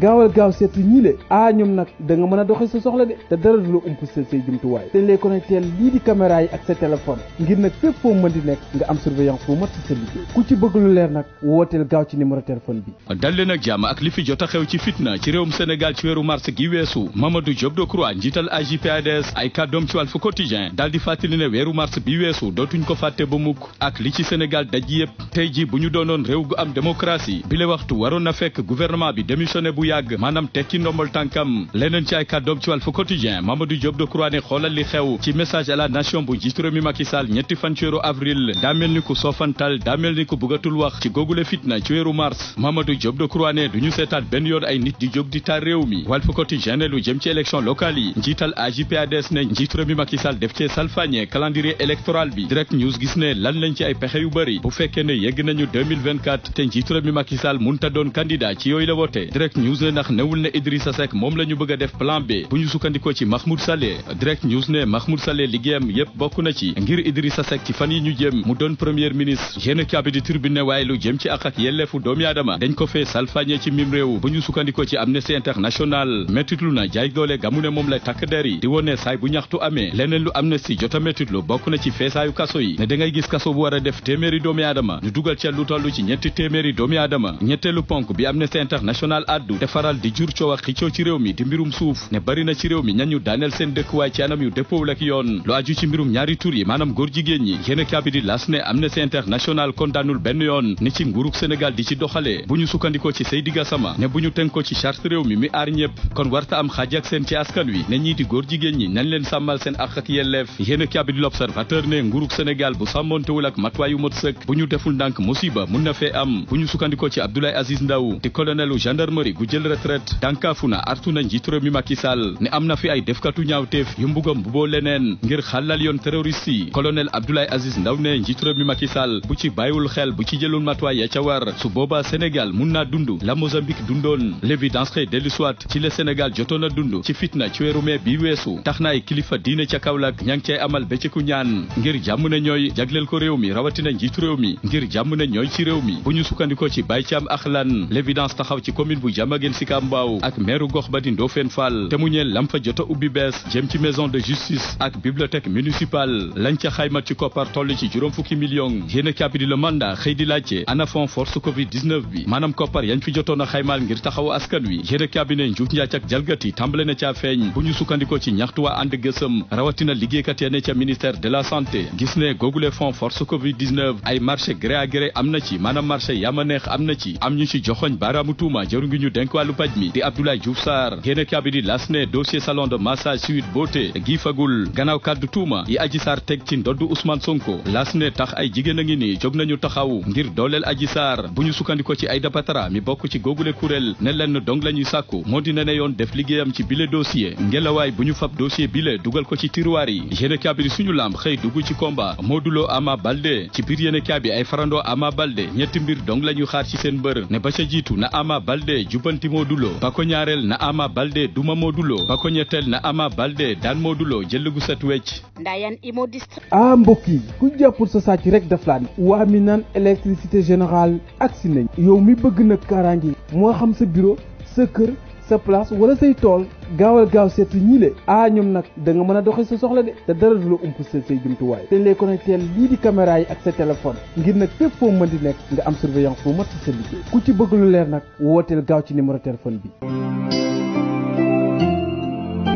gaawal gaaw seet si ñii le ah ñoom nag da nga mën a doxee sa soxla de te dara du la umpaseel say jumtuwaay dañ lay connecté lii di caméra yi ak sa téléphone ngir nag fépp foo mën di nekk nga am surveillance bu mat si sa liggéey ku ci bëgg leer nag wooteel gaaw ci numéro téléphone bi dal leen ak jàmm ak li fi jot a xew ci fitna ci réewum senegal ci weeru mars gi weesu Mamadou Diop Decroix njiital AJ/PADS ay kàddoom ci Walf Quotidien daal di fàttali ne weeru mars bi weesu dootuñ ko fàtte ba mukk ak li ci Sénégal daj yëpp tey ji bu ñu doonoon réew gu am démocratie bi le waxtu waroon na bu yàgg maanaam tekki ndombal tànkam leneen ci ay kàddoom ci Walf Quotidien Mamadou Diop Decroix ne xoolal li xew ci message à la nation bu njiitu réew mi Macky Sall ñetti fan ci weeru avril daa soofantal daa mel wax ci googule fitna ci weeru mars Mamadou Diop Decroix ne du ñu seetaat benn yoon ay nit di jóg di taal réew mi Walf Quotidien ne lu jëm ci élection locale yi njiital AJ/PADS ne njiitu mi Macky def bi Direct News lan lañ ci ay pexe yu bëri bu fekkee ne yegg nañu 2024 te njiitu réew mi Macky Sall munta News ne ndax newul moom la ñu a def plan B bu ñu sukkandikoo ci Mahmoud Saleh Direct News ne Mahmoud Saleh liggéeyam yépp bokk na ci ngir Idrissa Seck ci fan yi ñu jëm mu doon premier ministre yéen kaabi di tribune waaye lu jëm ci ak ak yelleefu doomi aadama dañ ko fee salfañe ci mim réew bu ñu sukkandikoo ci Amnesty International métitlu na jaay doole gamu ne moom la takk der yi di wone saay bu ñaxtu amee leneen lu Amnesty jot a métitlu bokk na ci feesaayu a def téeméeri doomi aadama ñu dugal ca lu tollu ci ñetti téeméeri doomi aadama ñetteelu bi Amnesty International te faral di jur coow ak xicoo ci réew mi di mbirum suuf ne bari na ci réew mi ñañu daaneel seen dëkkuwaay ci anam yu dëppoowul yoon lu aju ci mbirum ñaari tur yi maanaam góor jigéen ñi yéen kaabi di las ne Amnesty International kondaanul benn yoon ni ci nguurug Sénégal di ci doxalee bu ñu sukkandikoo ci Seydi Gassama ne bu ñu tënkoo ci charte réew mi mi aar ñëpp kon warta am xaaj ak seen ci askan wi ne ñii góor jigéen ñi nañ leen sàmmal seen ak yelleef yéen kaabi di l'Observateur ne nguurug Sénégal bu sàmmoontewul ak matuwaayu mot sëkk bu ñu deful ndànk musiba mun na fee am bu ñu sukkandikoo ci Abdoulaye Aziz Ndaw di colonelu gendarmerie jël retraite dànkaafu na artu na njiitu réew mi Macky Sall ne am na fi ay defkatu ñaawteef yu mbugam bu boo leneen ngir xallal yoon terroriste yi colonel Abdoulaye Aziz Ndaw ne njiitu réew mi Macky Sall bu ci bàyyiwul xel bu ci jëlul matuwaay ya ca war su boobaa Sénégal mun naa dund la Mozambique dundoon l'évidence xëy dellu siwaat ci le Sénégal joto a dund ci fitna ci weeru mee bi weesu tax na ay kilifa diine ca Kaolack ña ngi cay amal bécciku ñaan ngir jàmm ne ñooy jagleel ko réew mi rawatina njiitu réew mi ngir jàmm ne ñooy ci réew mi bu ñu sukkandikoo ci Baye Thiam Akhlan taxaw ci commune bu jàmm Babaguène Sika Mbao ak meeru gox ba di Ndofène Fall te mu ñeel lam fa jot a ubbi bees jëm ci maison de justice ak bibliothèque municipale lañ ca xayma ci koppar toll ci juróom fukki million yéen a kàbbi di le mandat ana fond force covid 19 bi maanaam koppar yañ fi jotoon a xaymaal ngir taxaw askan wi yéen a kàbbi ne njuuf jalgati tàmbale na caa feeñ bu ñu sukkandikoo ci ñaxtu waa ànd gësëm rawatina liggéeykat ya ca ministère de dénk wàllu paj mi di Abdoulaye Diouf Sarr yéen a kaabidi las ne dossier salon de massage suite beauté gi fagul gannaaw kàddu tuuma yi Adji teg ci ndodd Ousmane Sonko las ne tax ay jigéen ni jóg nañu taxaw ngir dooleel Adji Sarr bu ñu sukkandiko ci Aïda Batara mi bokk ci góogule kuréel ne lenn dong la ñuy sàkku moo di ne ne yoon def liggéeyam ci bile dossier ngelawaay bu ñu fab dossier bile dugal ko ci tiroir yi yéen a kaabidi suñu lamb xëy dugg ci combat Modou Lo Ama Baldé ci biir yéen a kaabi ay farandoo Ama Baldé ñetti mbir dong la ñuy xaar ci seen bër jàppanti Modou Lo ba ko na Ama Baldé duma Modou Lo ba ko ñetteel na Ama Baldé daan Modou Lo jël gu set wecc Ndayane Imo District ah mbokk yi ku jàppul sa sàcc rek daf laan waa mi naan électricité générale si nañ yow mi bëgg nag kaaraange moo xam sa bureau sa kër sa place wala say tool gaawal gaaw seet si ñii le ah ñoom nag da nga mën a doxee sa soxla de te dara du la ump sa say jumtuwaay te ñu lay connecté lii di caméra ak sa téléphone ngir nag fépp foo mën di nekk nga am surveillance bu mat sa liggéey ku ci bëgg leer nag wooteel gaaw ci numéro téléphone bi